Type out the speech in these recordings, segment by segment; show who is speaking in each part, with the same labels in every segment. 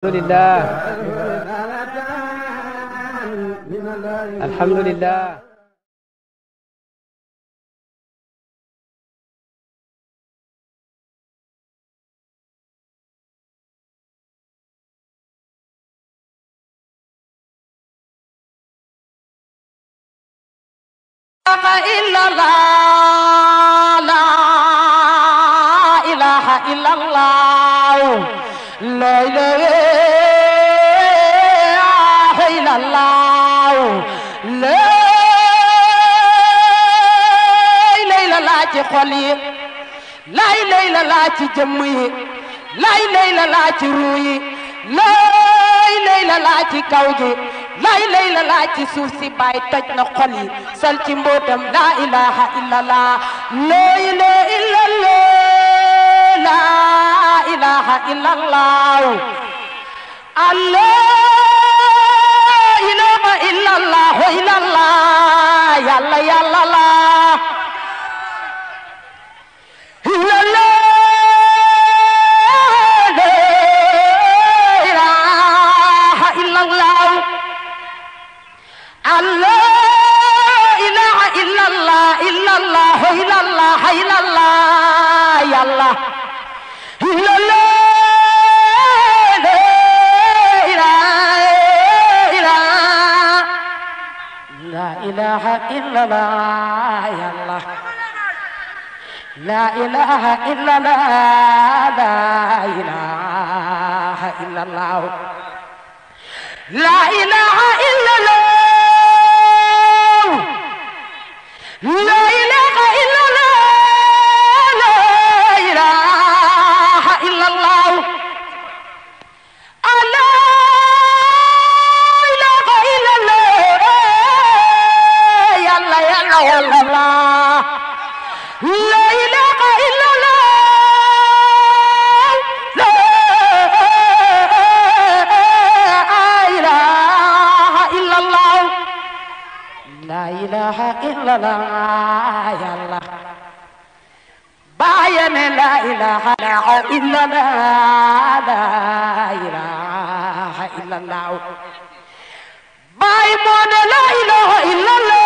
Speaker 1: alhamdulillah alhamdulillah
Speaker 2: la ilaha illallah
Speaker 3: laa ci jëmm yi lay lay la laa ci ruu yi lay lay la laa ci kaw gi lay lay la laa ci suuf si baay toj na
Speaker 2: xol yi sal ci mbootam laa ilaha illallah laa ilaha illallah laa ilaha illallah allah ilaha illallah illallah yàlla yàlla la illallah illallah illallah لا إله إلا الله يا الله لا إله إلا الله لا إله إلا الله لا إله إلا الله لا إله la la yàlla bàyyi ne la ilaha illa la ilaha illa la
Speaker 3: bàyyi moo ne la
Speaker 2: ilaha illa la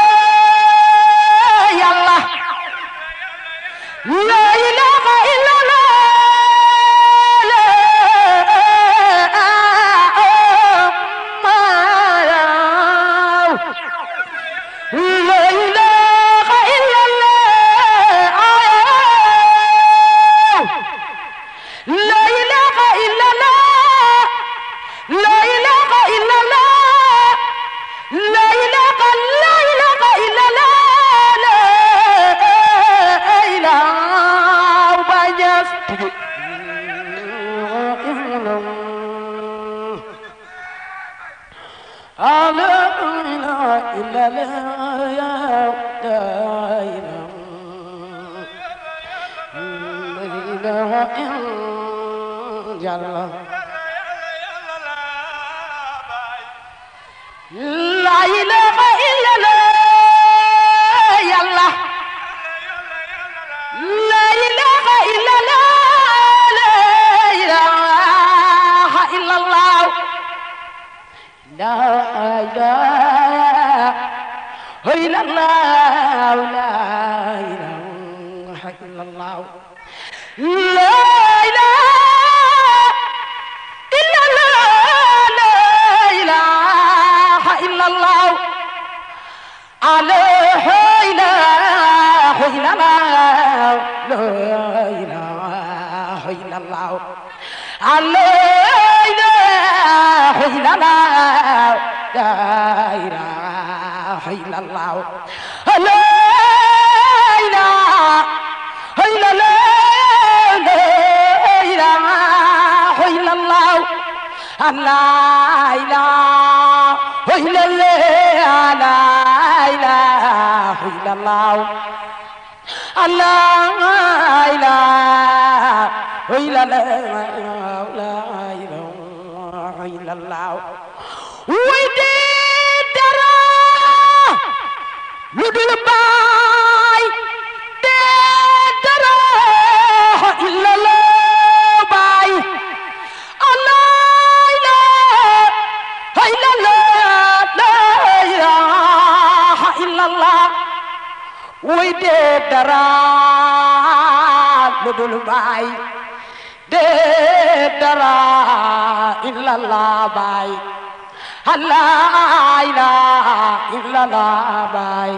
Speaker 2: laa ilaaha illallah baay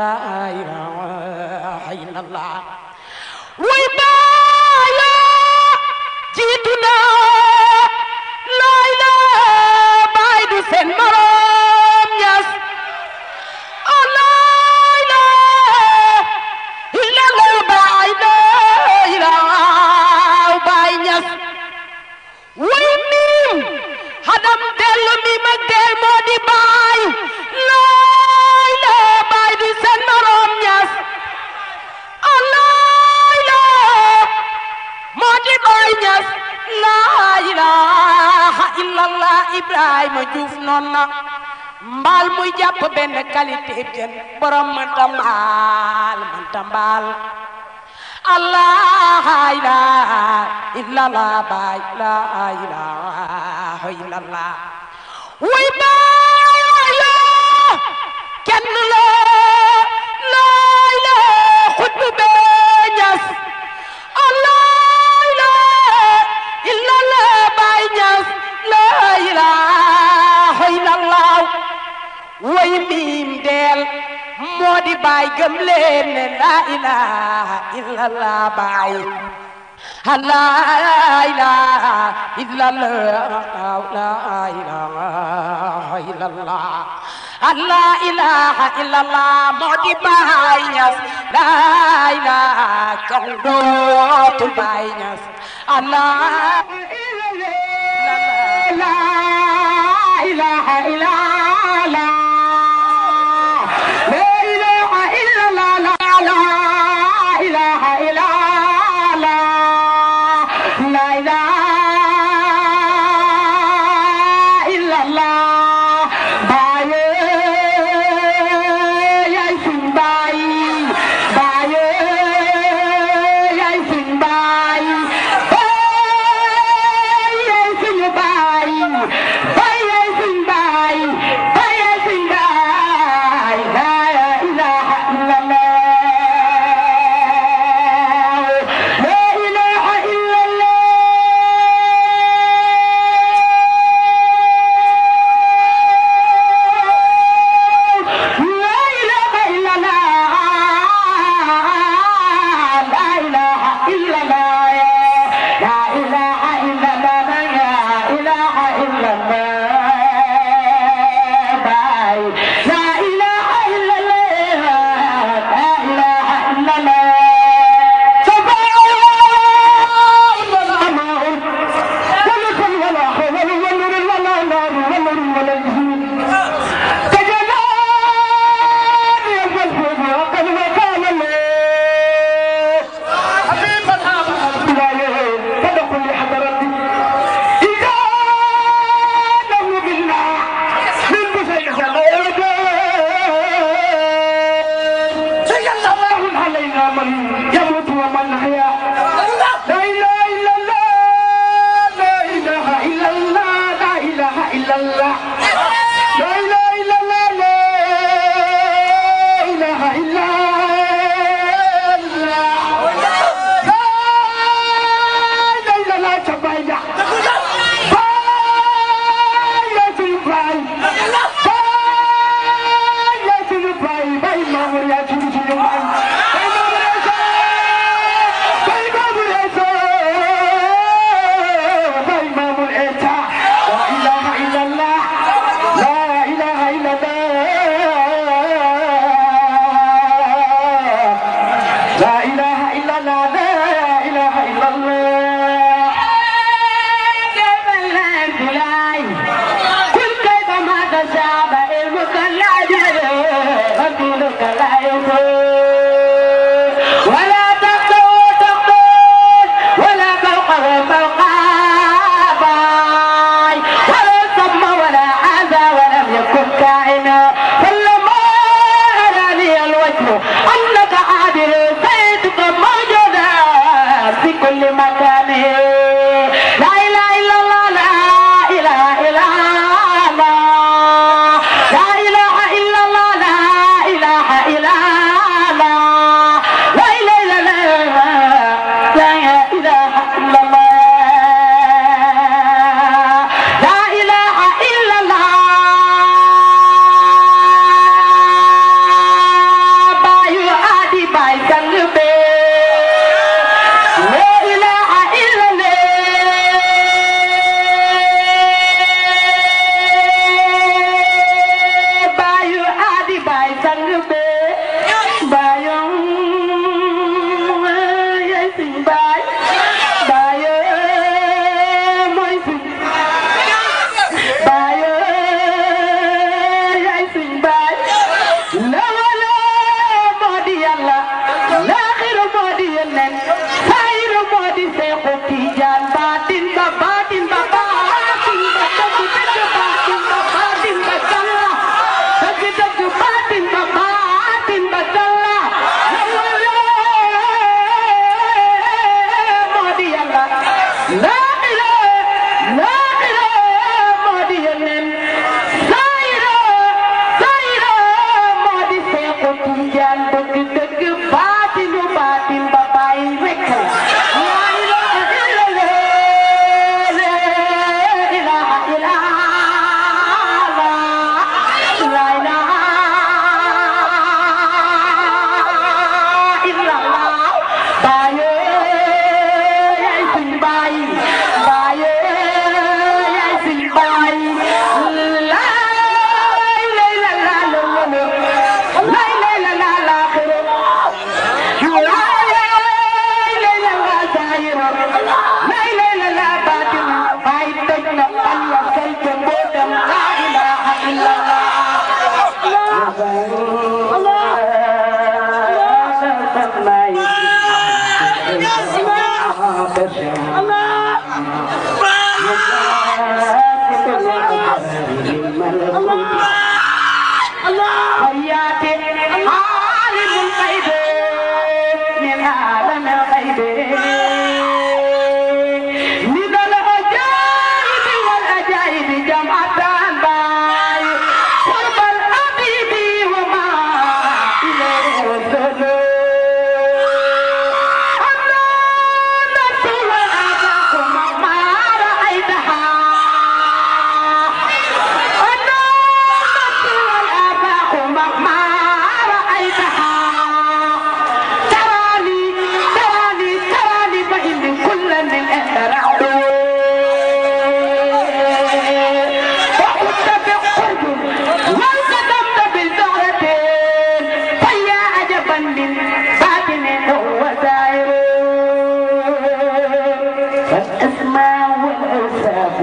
Speaker 2: laa ilaaha illallah way baaya jiitu na laa ilaaha baay du seen maro ilaha
Speaker 3: illallah Ibrahima Diouf noon na mbaal muy jàpp benn qualité
Speaker 2: jën borom mënta mbaal mënta mbaal allah ilaha illallah baay la ilaha illallah way baay waayoo kenn la la ilaha xutbu bee ñas ñas laa ilaaha illallah way miim deel moo di baay gëm leen ne laa ilaaha illallah baay laa ilaaha illallah la ilaha illa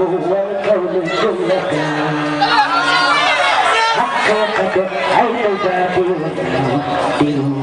Speaker 2: الله كون كل حققت عين ذاتي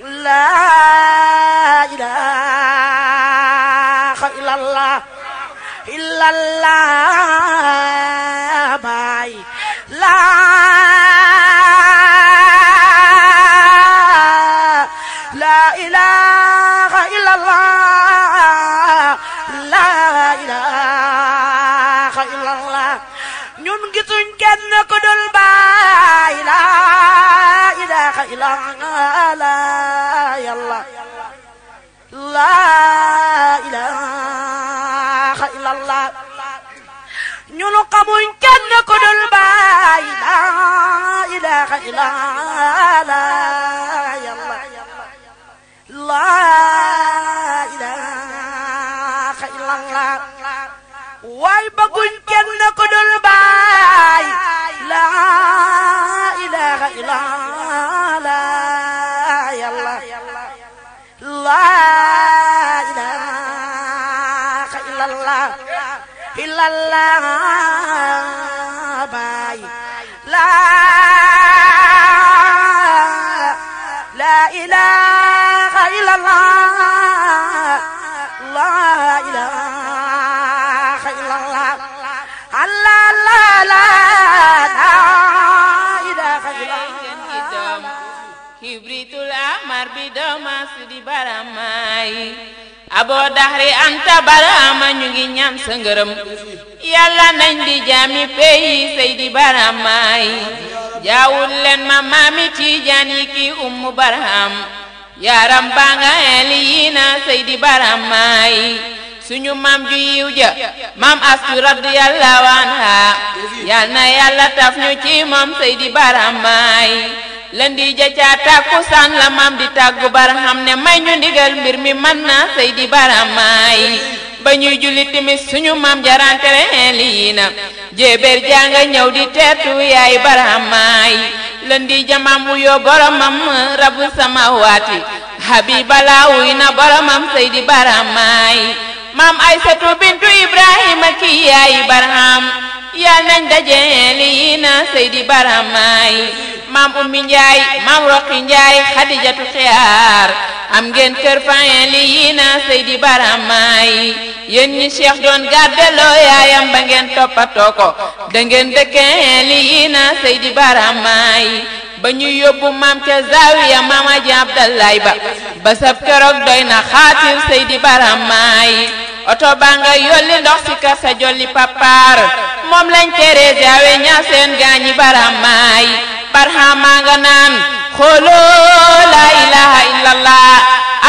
Speaker 2: laa ilaaha illallah illallah illallah baay la la ilaha illallah la ilaha illallah
Speaker 4: allah la la la ilaha illallah kibritul amar bidamas di baramai aboo daxri anta baraama ñu ngi ñaan sa ngërëm yàlla nañ di jaami peyi sey di baraamaay jaawul leen ma maami tiijaan yi ki ummu baraam yaaram baa nga eli yii na sey di baraamaay suñu maam ju yiw ja maam astu radiyallahu anha yal na yàlla taf ñu ci moom sey di baraamaay lëndi ja ca tàkkusaan la maam di tàggu baraham ne may ñu ndigal mbir mi mën na sëy di baramaay ba ñuy julli timis suñu maam jarantere lii na jéebéer jaa nga ñëw di teetu yaay baramaay lëndi ja maam wuyoo boromam rabu samawaati habiba laa wuy na boromam sëy di maam aysatu bintu ibrahima ki yaay barham yal nañ dajeel yi na seydi barham maay maam ummi njaay maam roqi njaay xadijatu xiyaar am ngeen kër fayen li yi na seydi barham maay yéen ñi cheikh doon gàddeloo yaayam ba ngeen toppatoo ko da ngeen dëkkeen li yi na seydi barham maay ba ñuy yóbbu maam ca zaawiya maam aji abdallaay ba ba sab keroog doy na xaatir seydi barham maay oto baa nga yolli ndox si kër sa jolli papaar moom lañ tere jaawe ñaa seen gaañi baramaay barhamaa nga naan xooloo laa ilaha illallah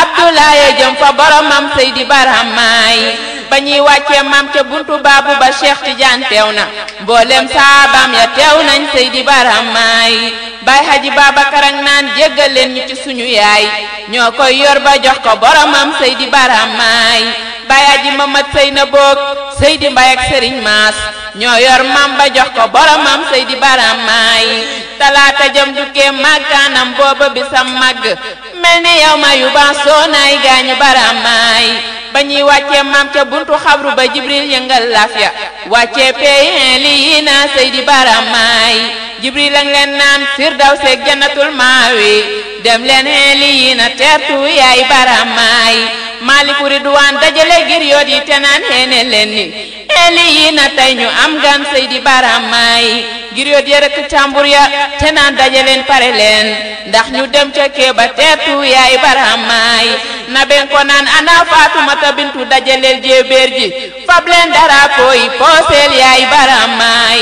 Speaker 4: abdoulaye jëm fa boromam seydi baramaay ba ñuy wàccee maam ca buntu baabu ba cheikh Tidiane teew na mboolem saabaam ya teew nañ seydi baramaay bay haji Babacar ak naan jéggal leen ci suñu yaay ñoo koy yor ba jox ko boromam seydi baramaay bayaaji mamat sëy na boog sëy di mbay ak sëriñ maas ñoo yor mam ba jox ko boromam sëy di baram maay talaata jëm dukkee màggaanam booba bi sa màgg mel ni yow ma yu ban soo naay gaañu baram maay ba ñuy wàccee maam ca buntu xabru ba jibril yëngal laf ya wàccee peyin lii naa sëy di baram maay jibril a ngi leen naan firdaw seeg jannatul maawi dem leen xeeli yi na tertu yaay baramaay maaliku ridwaan dajale ngir yoot yi te naan xeene leen ni xeeli yi na tey ñu am gan sey di baramaay ngir yoot ya rëkk càmbur ya te naan dajaleen pare leen ndax ñu dem ca keeba tertu yaay baramaay nabeen ko naan ana faatumata bintu dajaleel jéebéer ji fab leen dara koy pooseel yaay baramaay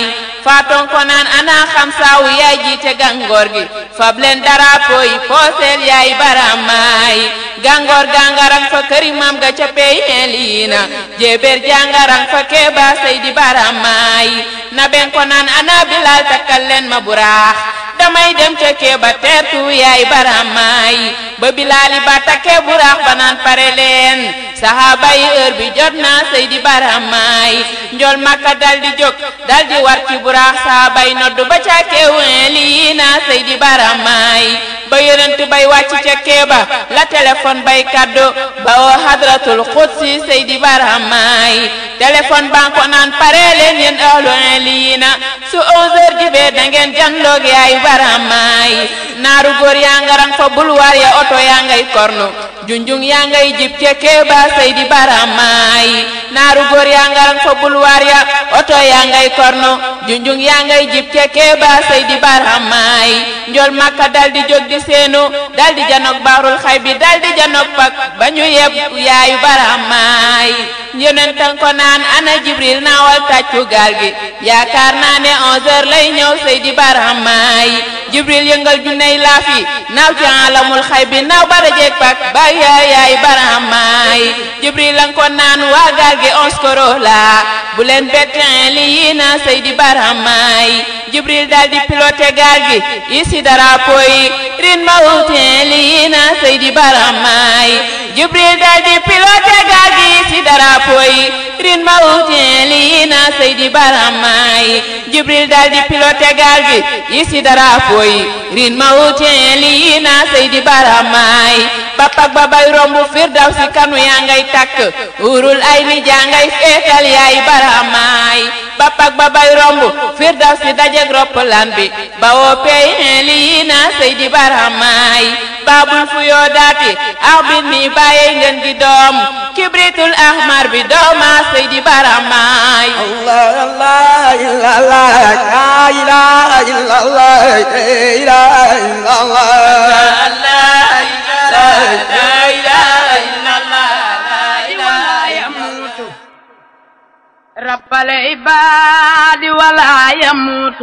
Speaker 4: faaton ko naan ana xam saawu yaay jiite gàngoor gi fab leen darapo yi pooseel yaay baramaayi gàngoor gàngarang fa këri ga ca pey meliina jéber jàngarang fa keeba di baramaayi na ben ko naan ana bilal takkal leen ma buraax damay dem ca kee ba teertu yaay baramaay ba bilaali ba takke buraax ba naan pare leen saxaaba yi heure bi jot naa sëy di baramaay njool makka dal di jóg dal di war ci buraax saxaaba yi noddu ba ca keewee lii naa sëy di baramaay ba yonent bay wàcc ca ba la téléphone bay kaddu ba oo hadratul xudsi sëy di baramaay téléphone baa naan pare leen yéen ahlu lii na su 11 jibee da ngeen yaay baramaay naaru góor yaa nga rang fa bulwaar ya oto yaa ngay kornu junjung yaa ngay jib cekkee ba sey di baramaay naaru góor yaa nga rang fa bulwaar ya oto yaa ngay kornu yaa ngay jib cekkee ba sey di baramaay njool makka dal di jóg di seenu dal di janoog baarul xay bi dal ca noppak ba ñu yeb yaayu baramaay yonentan ko naan ana jibril naawal tàccu gaal gi yaakaar naa ne onze lay ñëw sëy di baramaay jibril yëngal junney laaf yi naaw ci alamul xay bi naaw bara jeeg pak baay yaay baraam maay jibril lan ko naan waa gaal gi ons korola bu leen bettin li yii na sëy di baraam maay jibril daal di piloté gi yi si drapeau yi rin mawtin li yii na sëy di baraam maay jibril daal di piloté gi yi si drapeau rin mawtin lii naa sëy di baramaayi jibril dal di piloté gaal yi si dara fooyi rin mawtin lii naa sëy di baramaayi bapak babay rombu firdaw si kanu takk urul ay ni jaa feetal yaay baramaay bapak babay rombu firdaw si dajeg roppalaan bi bawoo pey xeeli yi naa sëy di baramaay baabul fu yoo daati ax ni bàyyey ngeen gi doom kibritul ahmar bi dooma sëy di baramaay
Speaker 3: رب العباد ولا يموت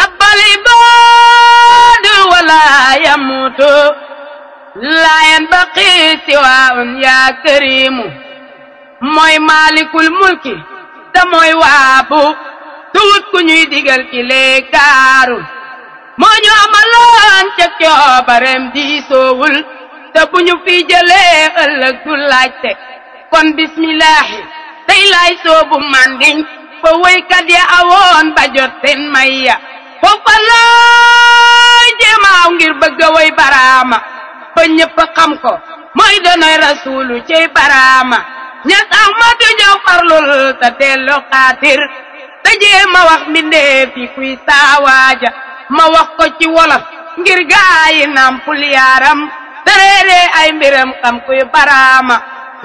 Speaker 3: رب العباد ولا يموت لا ينبغي سوى يا كريم موي مالك الملك دا موي وابو توت كو نيي ديغال كي لي كارو moo ñu amaloon ca coobareem di soowul te bu ñu fi jëlee du laajte kon bismillahi tey laay soobu mandiñ fa woykat ya awoon ba jot seen may ya foofa looy jéemaaw ngir bëgga woy baraama ba ñëpp xam ko mooy donoy rasuulu cey baraama ñas ahmadu ñëw farlul te dellu xaatir te jéema wax mbindeef yi kuy saawaaja ma wax ko ci wolof ngir gaayi nampul yaaram te ay mbiram xam kuy baraama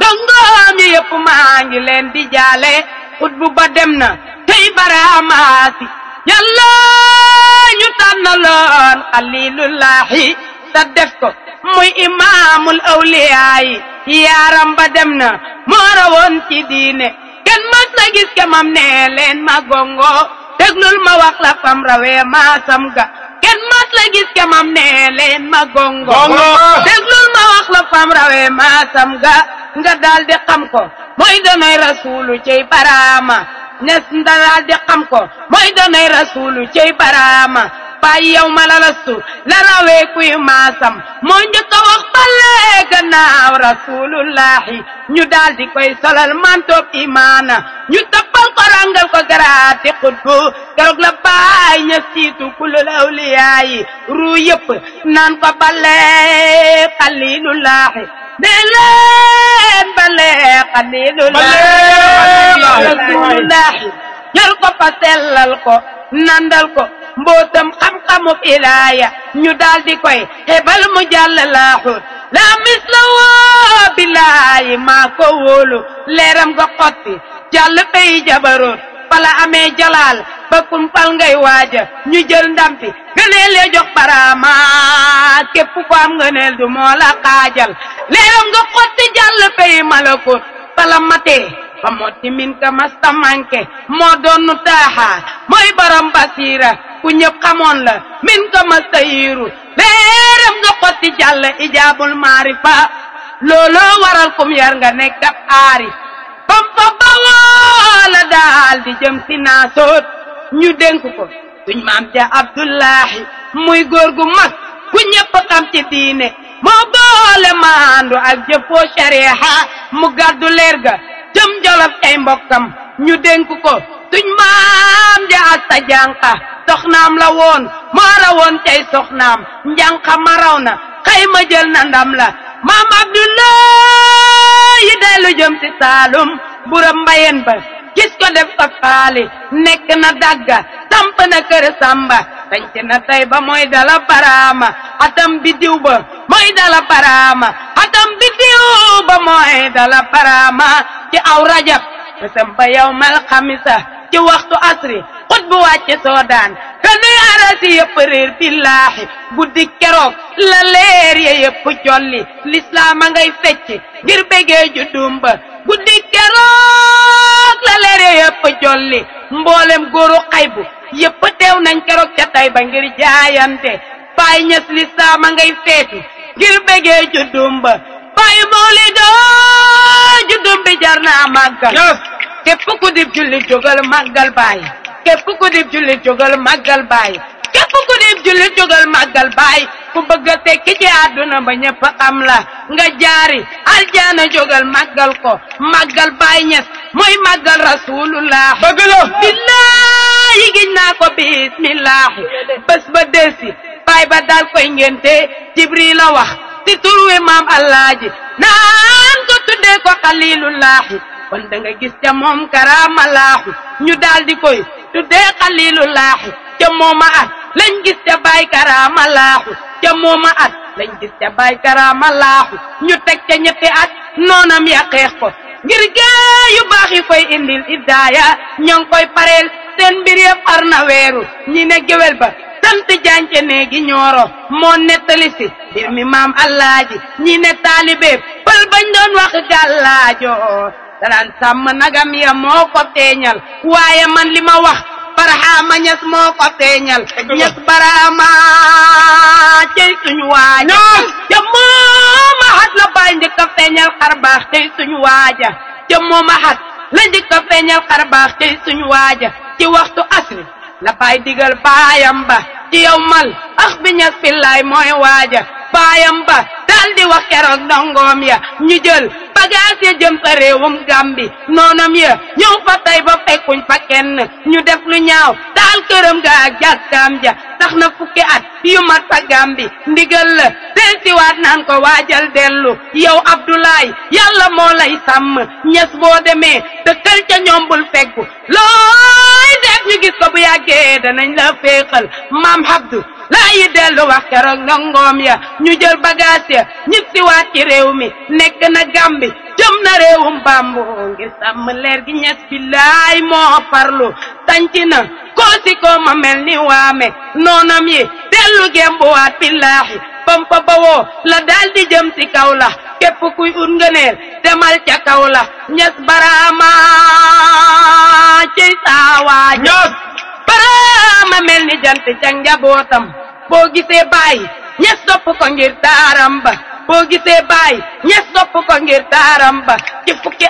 Speaker 3: dongoom yi maa ngi leen di jaale xut bu ba dem na tey baraamaasi yàlla ñu tànnaloon def ko muy imaamul awliyaayi yaaram ba dem na moo rawoon ci diine kenn mas na mam ne leen ma gongo déglul ma wax la fam rawee maasam ga kenn mas la gis kemam nee leen ma gongo déglul ma wax la fam rawee maasam ga nga daal di xam ko mooy doonay rasuulu cey baraama nes nga daal di xam ko mooy doonay rasuulu cey baraama bàyyi yow ma la rawee kuy maasam moo njëkk a wax balee gannaaw rasulullahi ñu daal di koy solal mantoob imaana ñu tappal ko rangal ko garaati xutbu keroog la bàyyi ña siitu kulul awliyaa yi yëpp naan ko balee xalilullahi ne leen balee xalilullahi rasulullahi jël ko fa sellal ko mbootam xam-xamu ilaaya ñu daldi di koy xebal mu jàll laaxut la la woo billaayi maa ko wóolu leeram nga xotti jàll fay jabaroot bala amee jalaal ba kumpal ngay waaja ñu jël ndampi gëneel ya jox baraama képp ko am ngëneel du moo la leeram nga xotti jàll fay malakut bala matee ba motti min ka masta manke moo doon nu mooy borom basiira ku ñëpp xamoon la min ko mastayiru leeram nga xotti jàll ijaabul maarifa looloo waral kum yar nga nekk ab aari bam fa bawoo la daal di jëm si naasoot ñu dénk ko suñ maam ja abdullahi muy góor gu mag ku ñëpp xam ci diine moo boole maandu ak jëfoo sharia mu gàddu leer ga jëm jolof ay mbokkam ñu dénk ko tuñ maam ja ak ta soxnaam la woon moo la woon tey soxnaam njànqa maraw na xayma jël na ndam la maam abdullah yi dellu jëm ci saalum buram mbayen ba gis ko def ko faali nekk na dagga samp na kër samba sanc na tey ba mooy dala baraama atam bidiw ba mooy dala baraama atam bidiw ba mooy dala baraama ci aw rajab mu samp yawmal xamisa ci waxtu asri xut bu wàcce soodaan kënu arasi yëpp réer billaahi guddi keroog la leer ya yëpp jolli lislaam a ngay fecc ngir bégee ju dumba guddi keroog la leer ya yëpp jolli mboolem góoru xaybu yëpp teew nañ keroog ca tay ba ngir jaayante baay ñas lislaam a ngay feetu ngir bégee ju dumba baay jar naa màggal. képp ku dib julli jógal màggal baay. képp ku dib julli jógal màggal baay. képp ku dib julli jógal màggal baay. ku bëgg a tekki ci àdduna ba ñëpp xam la nga jaari aljana jogal màggal ko màggal baay ñes mooy màggal rasulullah bëgg la billaahi giñ naa ko bismillaahi bés ba desi baay ba daal koy ngénte jibril la wax ci turwe maam Allaaji naan ko tuddee ko xalilullaahi kon da gis ca moom karaama laaxu ñu daal koy tuddee xalilullaahi ca mooma at lañ gis ca baay karaama laaxu ca mooma at lañ gis ca baay karaama laaxu ñu teg ca ñetti at noonam ya xeex ko ngir gaa yu koy indil idaaya ñoo ngi koy pareel seen mbir yëpp weeru ñi ne géwél ba sant jànce neegi ñooro moo nettali si mbir mi maam allaaji ñi taalibeeb pël bañ doon wax gàllaajo danaan sàmm nagam ya moo ko teeñal waaye man li ma wax barahama ñes moo ko teeñal ñes barama cey suñu waaja ca moom axat la baay njëkk a feeñal xar baax cey waaja ca moom axat la njëkk a feeñal xar baax cey waaja ci waxtu asri la baay digal baayam ba ci yow mal ax bi ñas pillaay mooy waaja baayam ba daal wax keroog ndongoom ya ñu jël bagage ya jëm sa réewum Gàmbi noonam ya ñëw fa tey ba fekkuñ fa kenn ñu def lu ñaaw taal këram ga ak jàkkaam ja tax na fukki at yu mat fa Gàmbi ndigal la del siwaat naan ko waajal dellu yow Abdoulaye yàlla moo lay sàmm ñes boo demee dëkkal ca ñoom bul feggu looy def ñu gis ko bu yàggee danañ la féexal maam Abdou laa dellu wax keroog ndongoom ya ñu jël bagage ya ñib si waat ci réew mi nekk na gambi jëm na réewum bambo ngir sàmm leer gi ñes bi laay moo farlu sanc na koosi koo ma mel ni waame noonam yi dellu gembuwaat billaahi bam fa bawoo la daal jëm ci kaw la képp kuy ut ngëneel demal ca kaw la ñes baraama ciy saawaaj baraama mel ni jant ca njabootam boo gisee baay ña sopp ko ngir taaram boo gisee baay ña sopp ko ngir taaram ba ci fukki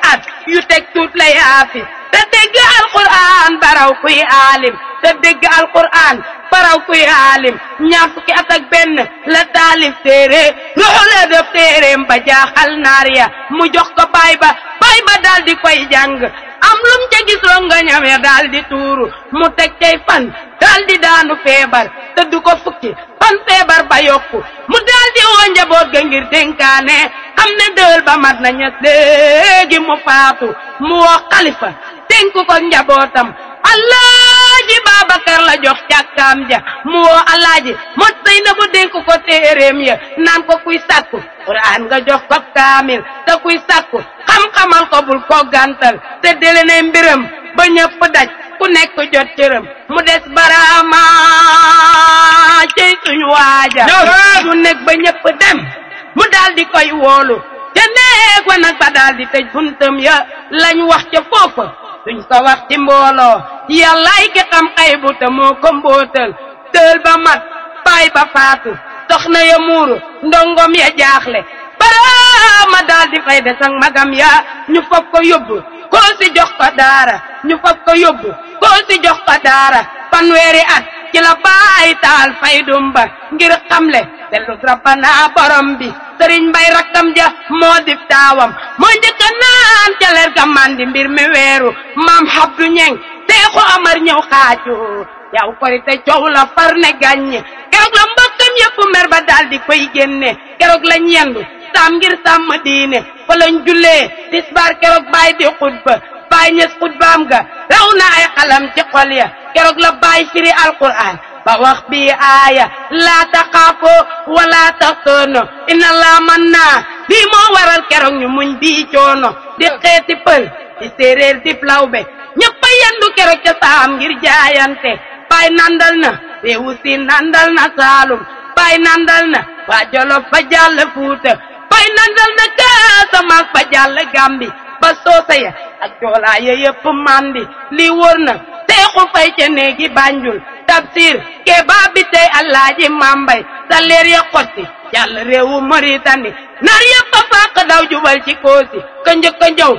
Speaker 3: yu teg tuut la yaafi te dégg alquran baraw kuy aalim te dégg alquran baraw kuy aalim ñaar fukki at benn la taalif téere ruxu la def téereem ba jaaxal naar ya mu jox ko baay ba baay ba daal koy jàng am lum ca gis rongañam ya daal di tuuru mu teg cay fan daal di daanu feebar te du ko fukki fan feebar ba yokku mu daal woo njaboot ga ngir dénkaane xam ne dël ba mat na ñett léegi mu faatu mu woo xalifa dénk ko njabootam allaaji Babacar la jox càkkaam ja mu woo allaaji mot sëy na bu dénk ko téeréem ya naan ko kuy sàkku quraan nga jox ko kaamil te kuy sàkku xam-xamal ko bul ko gàntal te dele mbiram ba ñëpp daj ku nekk jot cëram mu des baraama cey suñu waaja ñu nekk ba ñëpp dem mu daal koy woolu te neeg nag ba daal di tëj ya lañ wax ca foofa duñ ko wax ci mbooloo yàllaay ki xam xaybu te moo ko mbóotal tël ba mat baay ba faatu soxna ya muuru ndongom ya jaaxle baraama daal di fay desang magam yaa ñu fob ko yóbbu koo si jox ko daara ñu fob ko yóbbu koo si jox ko daara fanweeri at ci la baay taal faydum ba ngir xamle dellu rabbana borom bi sëriñ mbay rakkam ja moo taawam moo njëkka naan ca mandi mbir mi weeru maam habdu ñeng teexu amar ñëw xaaju yaw korite coow la far ne gàññe keroog la mbokkam yëpp mer ba daal di koy keroog lañ yendu saam ngir sàmm diine fa lañ jullee keroog baay di xutba baay ñes xutbaam ga raw na ay xalam ci xol keroog la baay firi alquran فوخ بي آية لا تخافوا ولا تحزنوا إن الله منا bii moo waral keroog ñu muñ bii coono di xeeti pël di séeréer di flawbe ñëpp a yendu keroog ca saam ngir jaayante baay nandal na réewu siin nandal na saalum baay nandal na jolof ba jàll fuuta baay nandal na Casamance ba jàll gambi ba soosa ya ak joolaa yëpp mandi lii wóor na teexu fay ca néegi bànjul tafsir ke baabi tey Alaaji Maam Mbay sa leer ya xotti jàll réewu Moritani nar yëpp a fàq daw jubal ci koosi ka njëkk a njow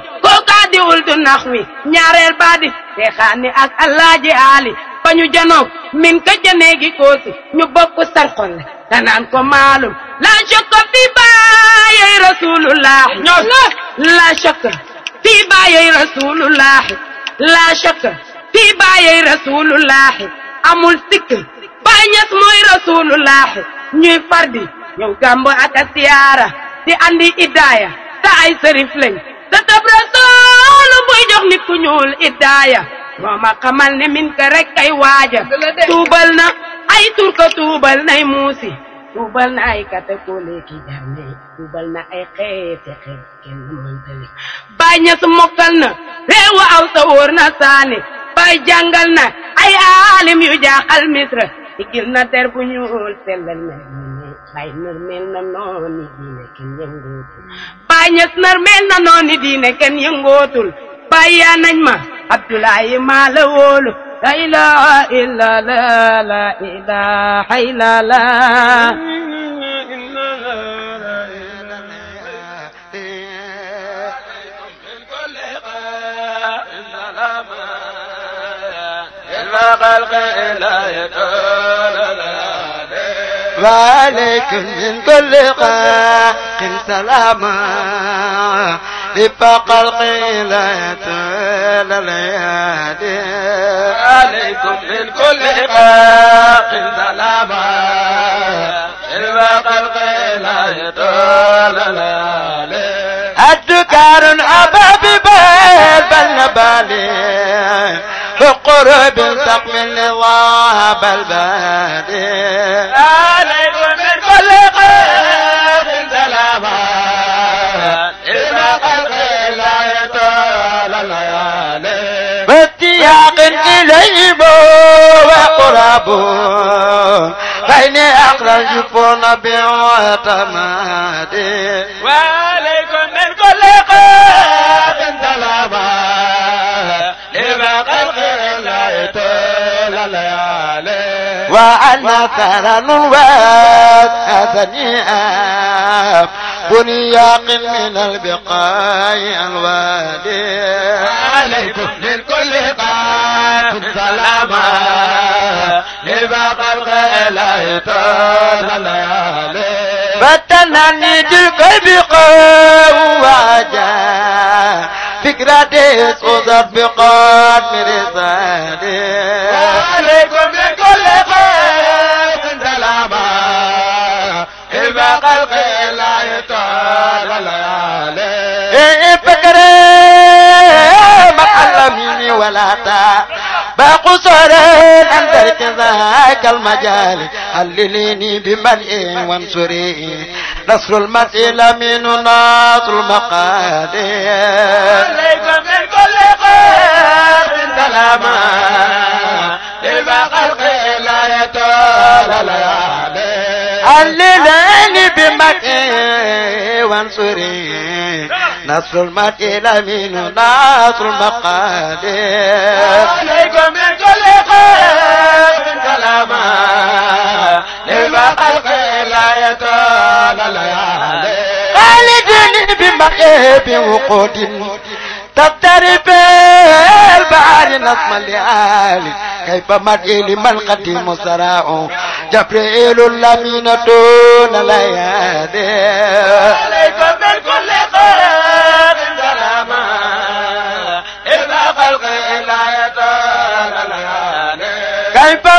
Speaker 3: di wul nax wi ñaareel baa di seexaani ak Alaaji Ali fa ñu janoog min ka janee koosi ñu bokk sarxol danaan ko maalum la shakka fi baayay rasulullah la shakka fi baayay rasulullah la amul sikk Baay Ñas mooy rasulullaahi ñuy fardi ñëw gàmb ak siyaara di andi idaaya te ay sërif lañ te rasuulu buy jox nit ñuul idaaya moo ma xamal ne min ko rek kay waaja tuubal na ay tur ko tuubal nay muusi tuubal na ay katakole ki jarne tuubal na ay xeete xeet kenn mëntali Baay Ñas na réewu aw sa wóor na saane bay jàngal na ay alim yu jaaxal misra sigil na der bu ñuul sellal na bay nar mel na nooni diine kenn yëngootul bay ñes nar mel na nooni diine kenn yëngootul ma la wóolu la ilaha illa la la ilaha illa la
Speaker 5: فخلق لا يدول وعليكم من كل خلق سلاما لفق القيلة للعيادي عليكم من كل خلق سلاما لفق القيلة للعيادي الدكار أبا ببال بل نبالي قرب سقم الله بالبادي عليكم من كل قيد سلاما إلى قلب لا يطال الليالي باتياق إليهم وقرب بين أقرى الجفون بعتمادي وعليكم من كل قيد سلاما لما قلب وأنا ثرن وأثني بنياق من البقاء الوادي عليكم للكل قاد سلاما لباقى القلعة الليالي فتنهني تلك بقوة وجاه فكرتي صوصت بقدم رسالي وعليكم بكل خير سلامة إما خلق الله تعالى الليالي فكري مقلمين ولا تعالى بقصرين أن ترك ذاك المجال حلليني بملئ وانصري نصر المرء الأمين ناط المقادير عليكم من كل خير سلاما للمخلق لا يتول ليالي الليل بمكي وانصري نصر المرء الأمين ناصر المقادير عليكم من كل خير سلاما لما خلقه لا يطال الليالي خالدني بمخيب وقود تضطرب البحر نظم الليالي كيف مرئي لمن قديم سراء جبريل الأمين دون ليالي عليكم من كل خير سلاما إذا خلقي لا يطال الليالي كيف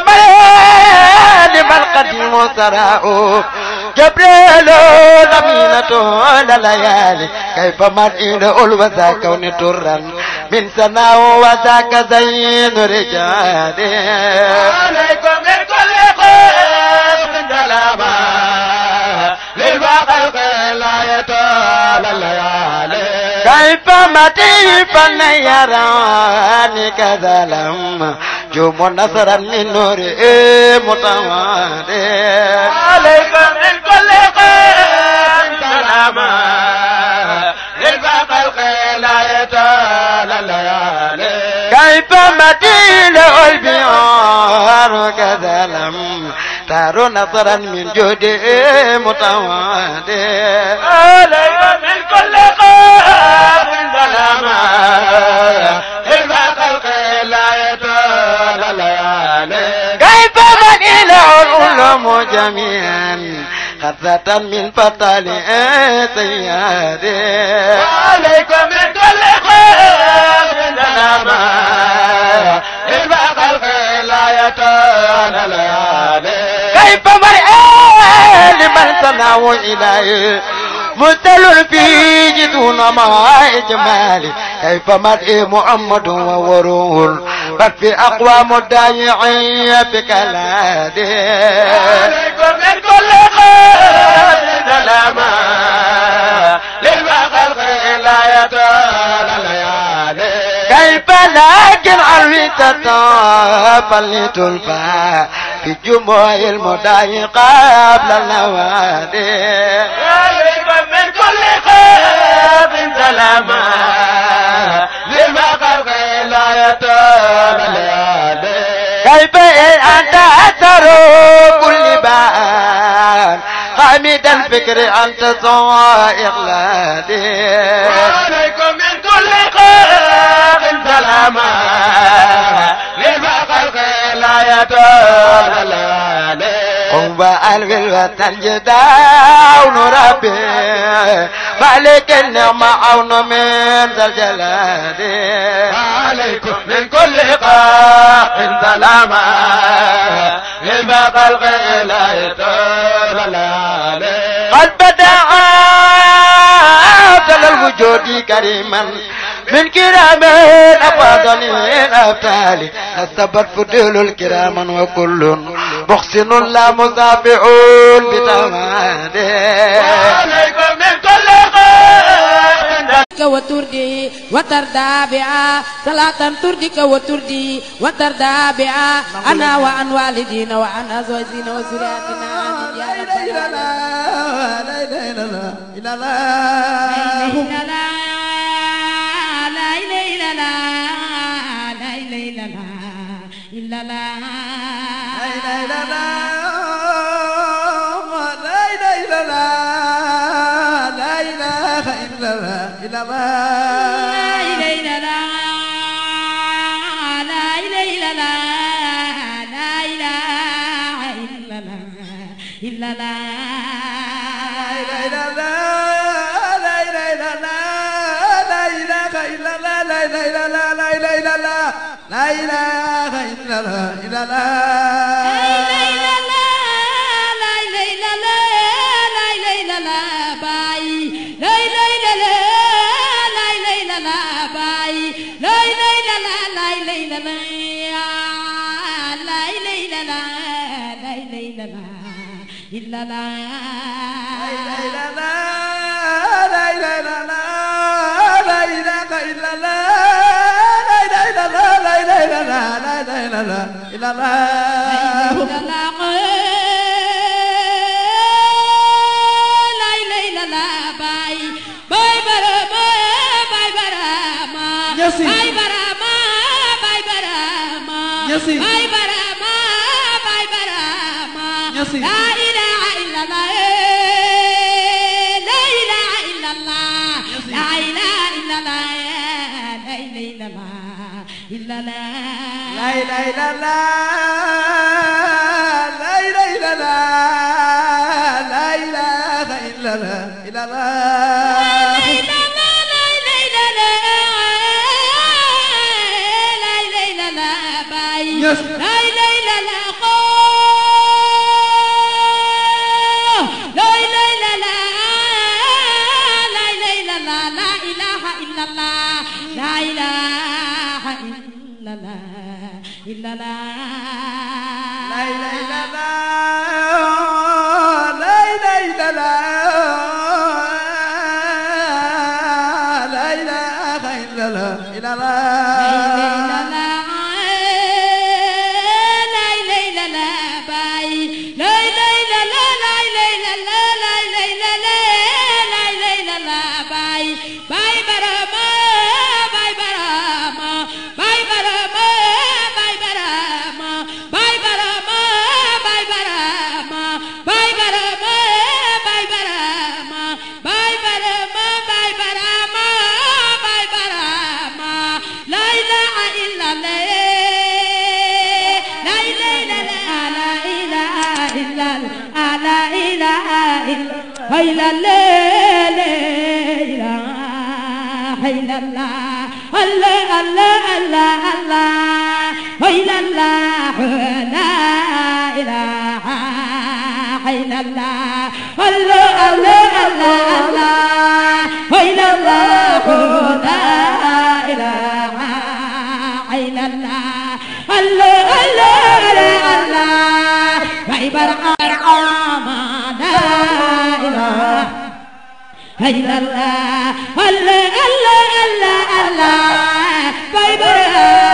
Speaker 5: لما القديم سراع جبريل لمينته لليالي كيف مرئل الوزا كون ترا من سنا وذاك زين رجالي عليكم من كل خير من جلابا للواقع القلاية لليالي كيف متي فنيراني كذا لما جوم نصرا من نور متماد عليك من كل خير سلاما للباب الخير لا يتال الليالي كيف مدين البيار كذا لم تر نصرا من جود متواد عليك من كل خير سلاما الأقوام جميعا خذة من فطل سيادي وعليكم من كل خير تنامى إنفاق الخلاية أنا ليالي كيف مرئي لمن صنعوا إليه مدل فيه دون ما إجمالي كيف مرئي محمد وورور فاكفي أقوام الداعي بك الهادي عليكم من كل قلب سلاما للخلق لا يدال الليالي كيف لكن عرفي تطابل تلفى في جموع المدعي قبل النوادي عليكم من كل خيب سلاما تملا كيف أنت أثر كل بان حميد الفكر أنت صوائغ لدي وعليكم من كل قاق سلاما لفاق الخيل لا يتولى قم وألف الوطن جداون ربي مالك النعمة عون من ذا الجلال عليكم من كل قاع سلاما لما خلق إلى ضلال قد بدأ أفضل الوجود كريما من كرام الأفاضل الأبطال الثبت فضل الكرام وكل محسن لا مذابع بتماده
Speaker 3: وتردي وتردى بها صلاة تردك وتردي وتردى بها أنا وعن والدينا وعن أزواجنا وذرياتنا
Speaker 2: لا إله إلا الله لا إله إلا الله لا إله إلا الله لا إله إلا الله إلا الله لا إله إلا الله إلا الله la la la la لا إله إلا الله Yes, la ilaha illallah الله لا إله إلا الله الله الله الله إلا الله لا إله إلا الله الله الله الله وعبر أرعام لا إله إلا الله الله الله الله الله وعبر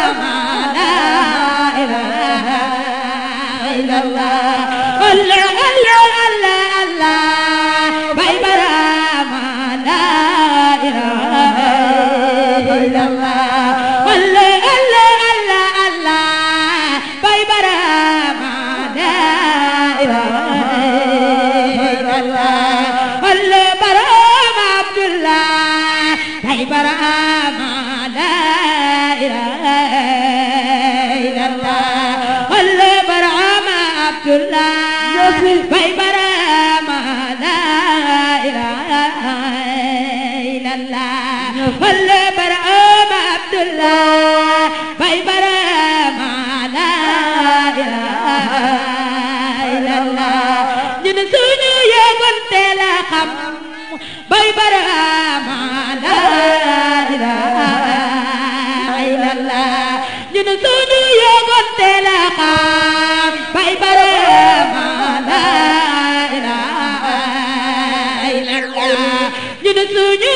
Speaker 2: dëkk ñu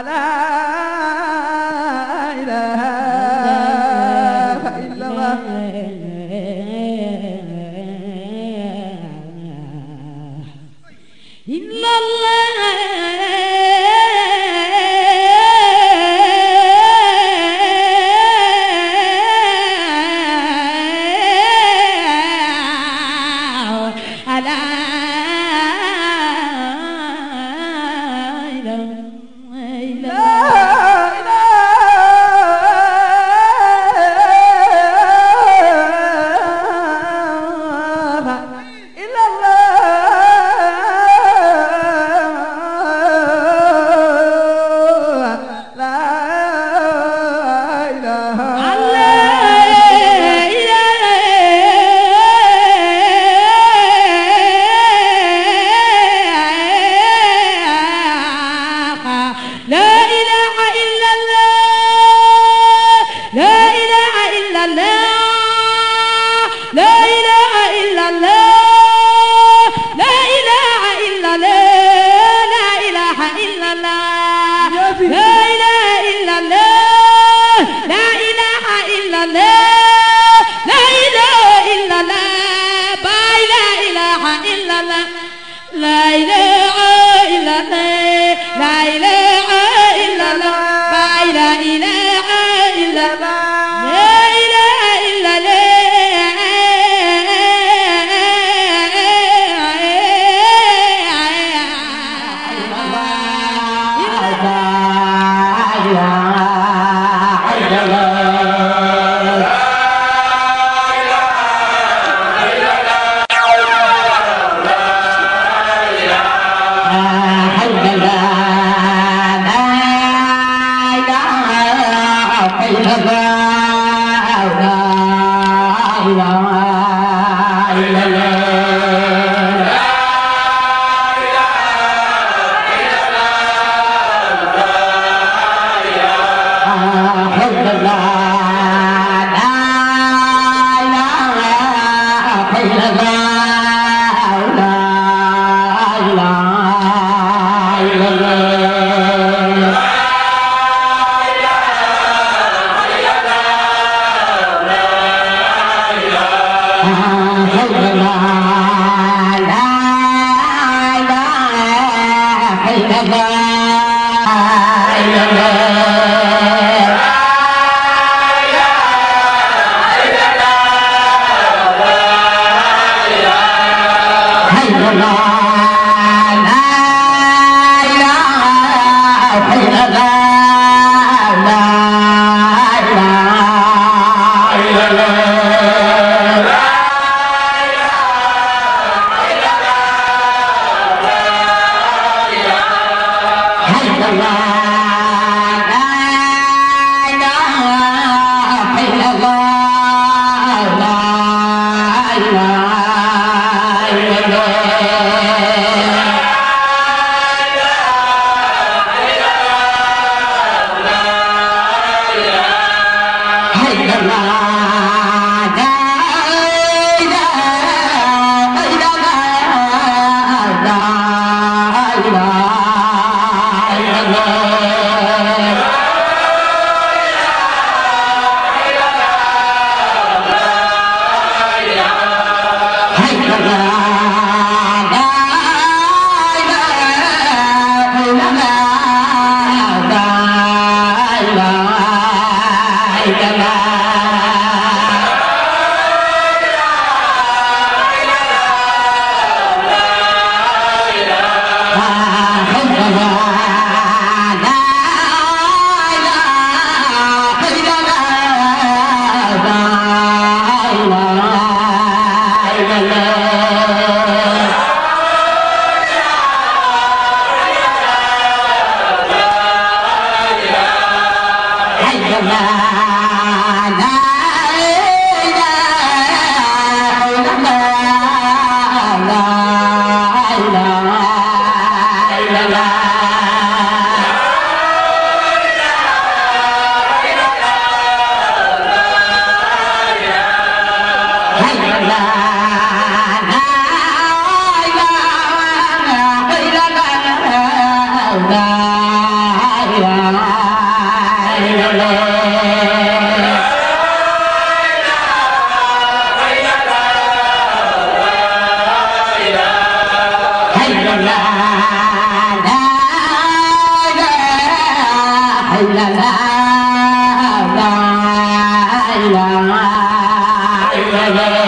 Speaker 2: ala la la la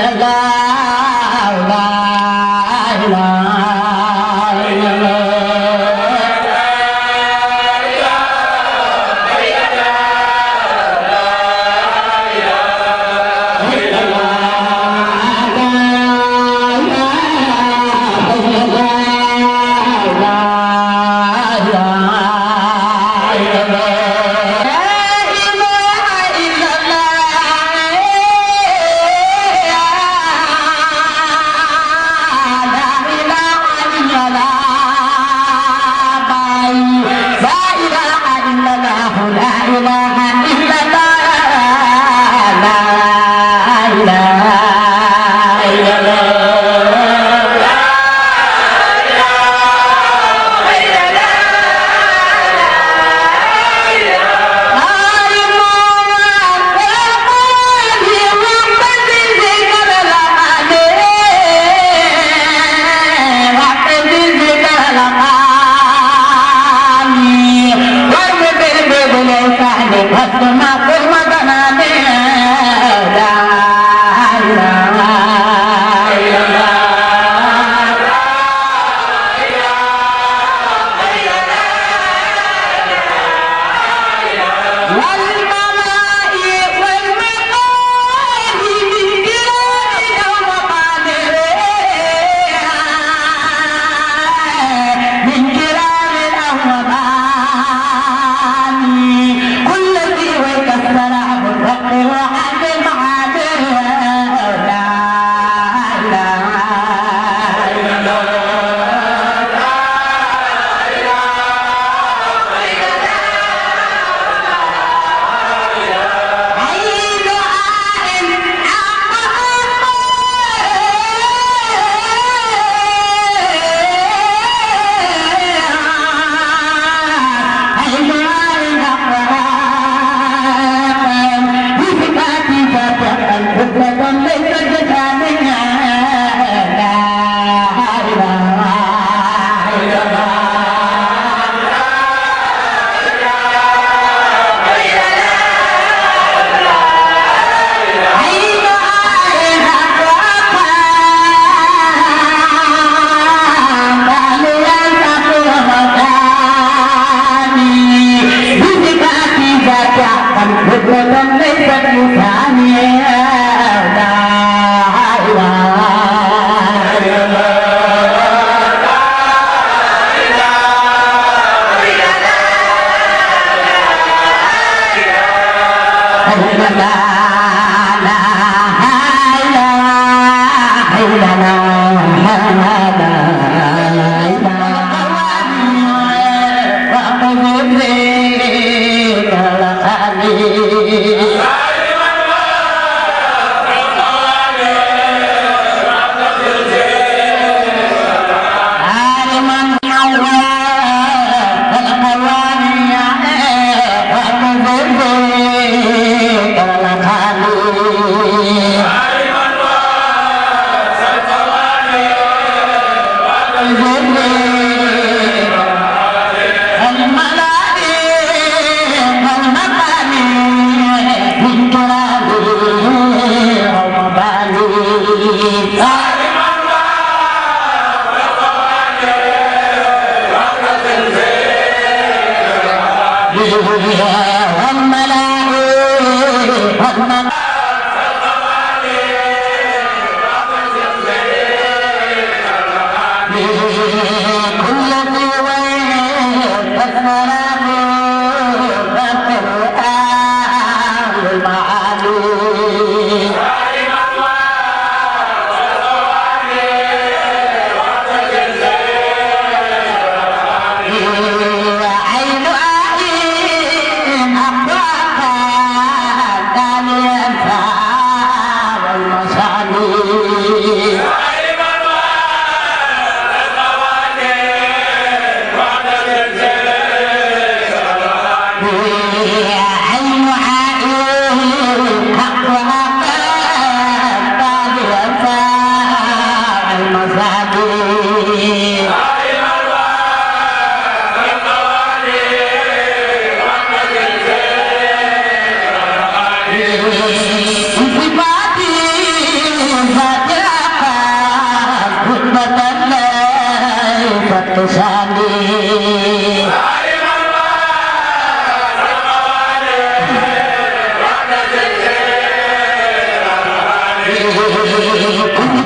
Speaker 2: أكبر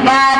Speaker 2: Bye.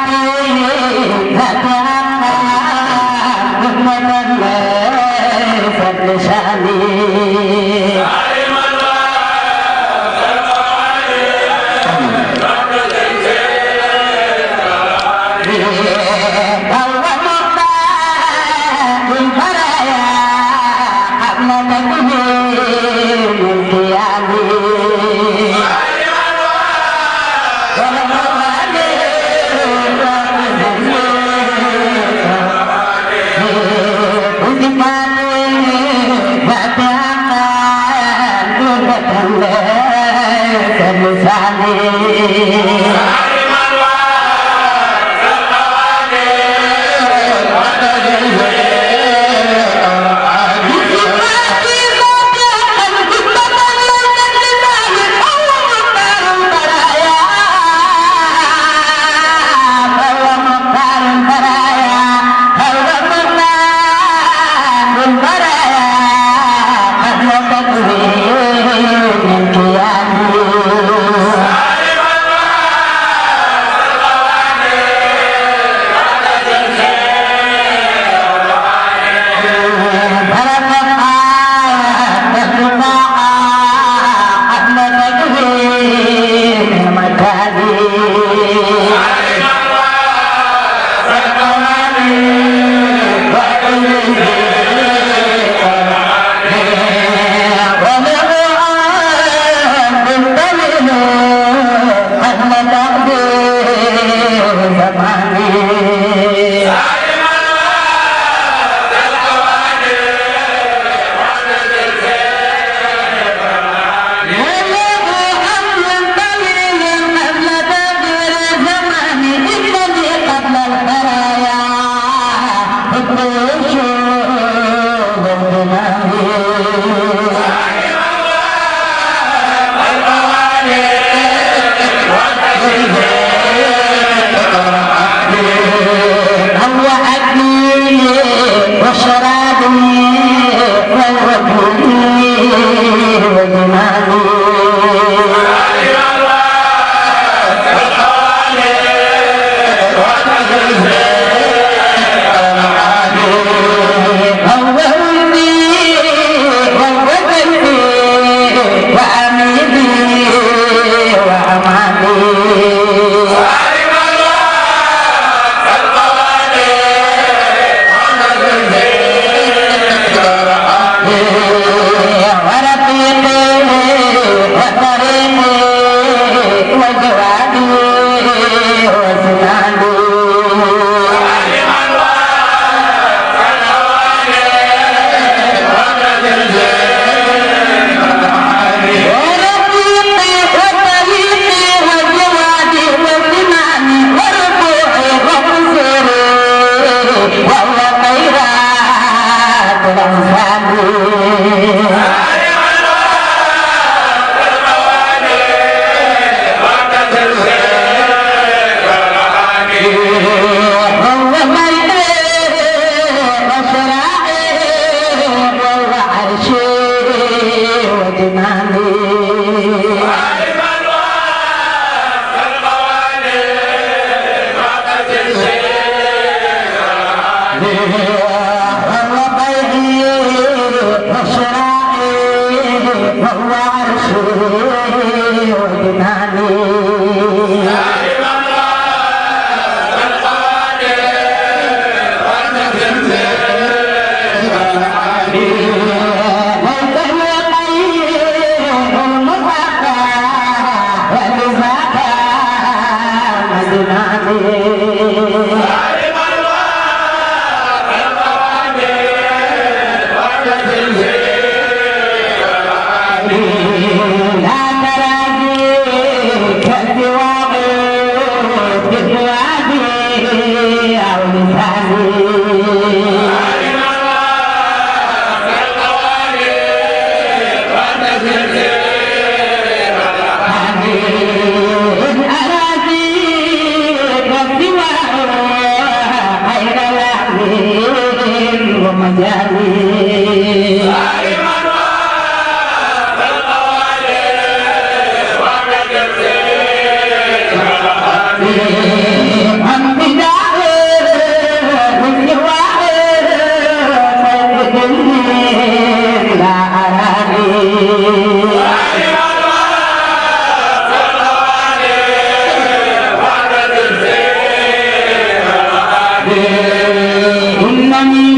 Speaker 2: man